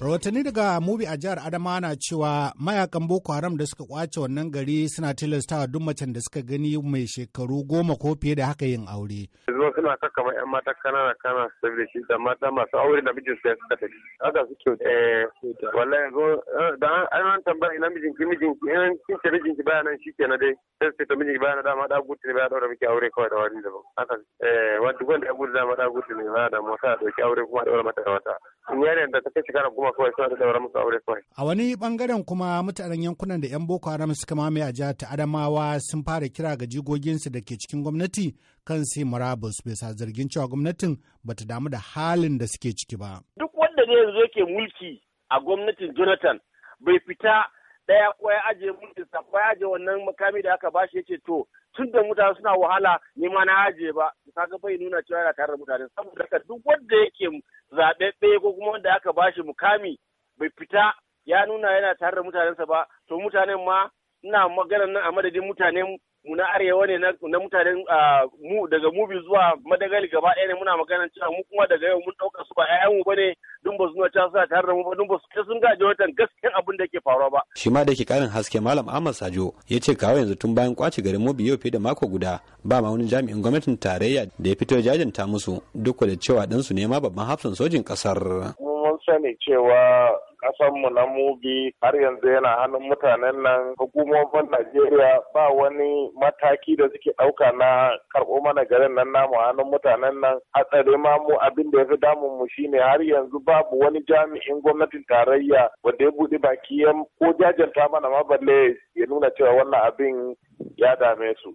Rahotanni daga mubi a jihar Adama na cewa mayakan Boko Haram da suka kwace wannan gari suna tilastawa duk macen da suka gani mai shekaru goma ko fiye da haka yin aure. Yanzu suna kakkama 'yan mata kanana kanana saboda shi da mata masu aure da mijinsu ya suka tafi. Haka suke eh wallahi yanzu eh, da an an tambaya ina mijin ki mijin ki in kin ce mijin ki bayanan shi kenan dai sai su ta mijin ki bayanan dama da gutu ne baya daura miki aure kawai da wani daban. Haka eh wanda ya gudu dama da gutu ne baya da mota dauki aure kuma daura mata da wata. yanayin da ta kai shekara goma kawai suna da musu aure kawai. A wani bangaren kuma mutanen yankunan da 'yan Boko Haram suka mamaye a jihar ta Adamawa sun fara kira ga jigoginsu da ke cikin gwamnati kan sai murabus bisa zargin cewa gwamnatin ba ta damu da halin da suke ciki ba. Duk wanda ne yanzu yake mulki a gwamnatin Jonathan bai fita ɗaya ko ya aje sa ko ya wannan makami da aka bashi yace to tun da mutane suna wahala ne ma na aje ba kaga bai nuna cewa yana tare da mutane saboda duk wanda yake zaɓeɓɓe ko kuma wanda aka ba shi mukami bai fita ya nuna yana tare da mutanensa ba to mutanen ma ina magana nan a madadin mutanen mu na arewa ne na mutanen daga mubi zuwa madagali gaba ɗaya ne muna magana cewa mu kuma daga yau mun ɗauka su ba 'ya'yanmu ba ne tun ba su nuna cewa suna tare da mu ba tun ba su ce sun gaji watan gaskiyar abin da yake faruwa ba. shi ma da yake karin haske malam ahmad sajo ya ce kawo yanzu tun bayan kwace garin mobi yau fiye da mako guda ba ma wani jami'in gwamnatin tarayya da ya fito jajanta musu duk da cewa ɗansu ne ma babban hafsan sojin ƙasar. mun sani cewa mu na mubi har yanzu yana hannun mutanen nan hukumomin Najeriya ba wani mataki da suke ɗauka na karɓo mana garin nan namu hannun mutanen nan hatsari ma mu abin da ya fi damun mu shine har yanzu babu wani jami'in gwamnatin tarayya wanda ya buɗe baki ko jajanta mana ma balle ya nuna cewa wannan abin ya dame su.